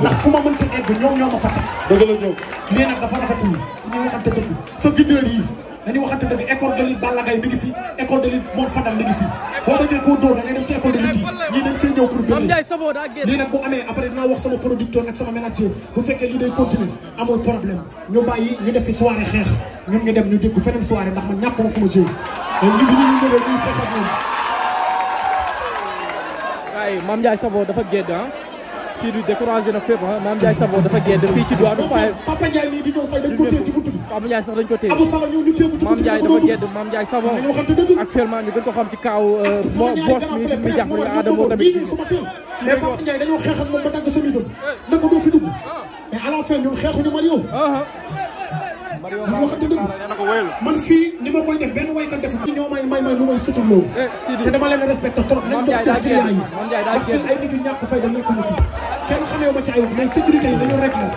ndax fu ma mënta egg ñoom ñoo ma fa teg. nag dafa rafetul ñu waxante dëgg sa videur yi dañuy waxante dëgg école de lutte Balla Gaye mi ngi fi école de lutte Mor Fadam boo da wax sama producteur ak sama manager bu fekkee li day continuer amul problème ñu bàyyi ñu dem ñu dégg feneen soirée ndax ma fu ma jël te ñu bi dafa gédd Sidi découragé na fépp ah Mame Ndiaye Savon dafa génn fii ci diwaanu Faye. Papa Ndiaye mii di ñëw tey dañ ko ci buntu Papa Ndiaye sax dañ ko téye. Abou Sala ñëw ñu téye buntu bi Mame Ndiaye dafa génn Mame Ndiaye Savon actuellement ñu gën ko xam ci kaaw euh, boos mi mi jàppale Adamo tamit. mais Papa Ndiaye dañoo xeex ak moom ba dagg sa mitam. na ko doo fi dugg ah. mais à du waxante dëgg man fii ni ma koy def benn waykat def ñoo may may may lu may sutur loolu eh, te dama leen respecté trop nañ jox cër client yi ndax fii ay nit yu ñàkk fay da nekkuñu fi kenn xamee ma ci ay wax mais sécurité yi dañu rek la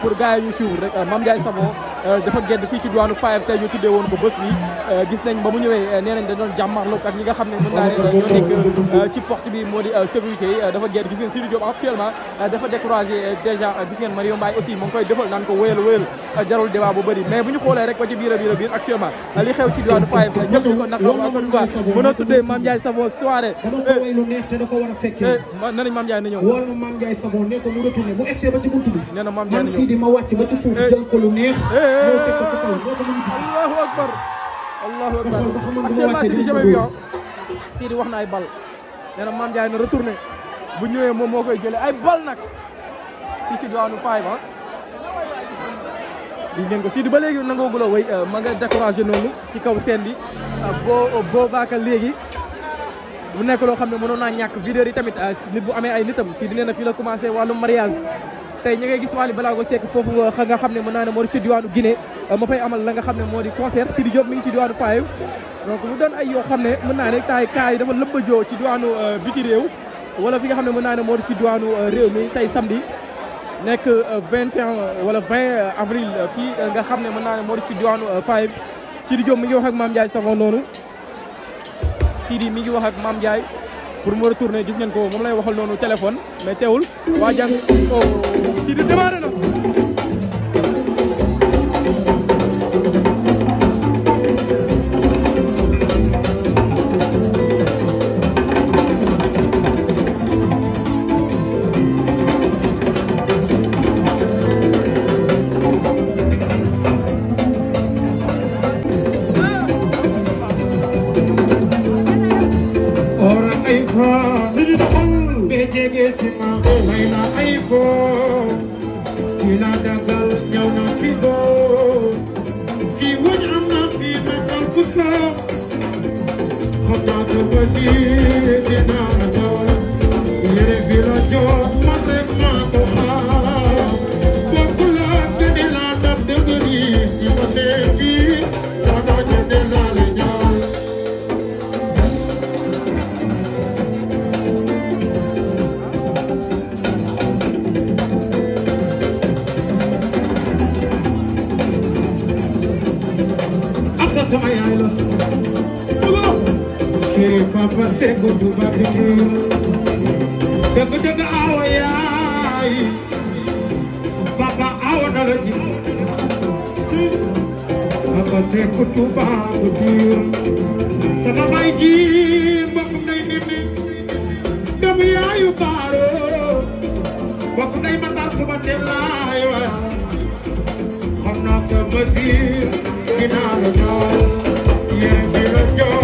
pour gars yi ñu suivre rek Mame Ndiaye Savon Euh, dafa gedd fii ci diwaanu Fayab tey ñu tuddee woon ko bés bi euh, gis nañ ba mu ñëwee euh, nee nañ da doon jàmmarloo ak ñi nga xam ne mën naa ne ñoo nekk ci porte bi moo di sécurité yi dafa gedd gis ngeen Sidi Diop actuellement dafa découragé déjà gis ngeen Mario Mbaye aussi mu ngi koy defal naan ko wéyal wéyal jarul débat bu bëri mais bu ñu xoolee rek ba ci biir a biir a biir actuellement li xew ci diwaanu Fayab ñëpp ñu ko naqar waa Côte d'Ivoire mën a tuddee Mame Ndiaye Savon soirée nee nañ Mame Ndiaye na ñëw wol ma Mame Ndiaye Savon ne ko mu retourné bu egsee ba ci buntu bi nee na Mame Ndiaye man Sidi ma wàcc ba ci suuf jël ko lu neex ñëw teg ko ca allahu akbar allahu akbar nga xool ba wax na ay bal nee na Mame na retourné bu ñëwee moom moo koy jëlee ay bal nag fii si diwaanu Faye ba ah. gis ngeen ko Sidi ba léegi nangoo gu la way euh, ma nga noonu ci kaw seen bi euh, boo euh, boo baaka léegi. mu nekk loo xam ne mënoon naa ñàkk vidéo yi tamit nit bu amee ay nitam Sidi nee na fii la commencé wàllum mariage tey ñu ngay gis Wally Ballago Seck foofu euh, nga xam ne mën naa ne moo di ci diwaanu Guinée euh, ma amal la nga xam ne moo di concert Sidi Diop mi ngi ci diwaanu Fayev donc mu naa ne taay kaa yi dafa lëmbajoo ci diwaanu euh, biti réew wala fi nga xam ne mën naa ne moo di ci diwaanu réew mi tey samedi nekk 21 wala 20 avril fii nga xam ne mën naa ne moo di ci diwaanu Fayev Sidi Diop mi ngi wax ak Mame Ndiaye Savon Sidi mi ngi wax ak Mame Ndiaye pour mu retourner gis ngeen ko moom lay waxal noonu téléphone mais teewul waa jàng oh si di démarré yére papa segu du ba biir dëgg dëgg awa yaay papa awa na la ji papa segu du ba biir sama may ji mbokk nay nit ni doomu yaayu baaro mbokk nay ma tar suma ne laay wa xam naa sama siir dinaa la jox yéen bi la jox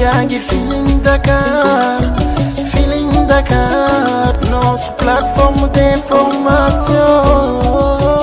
yaa ngi Feeling Dakar Feeling Dakar nos plateforme d'information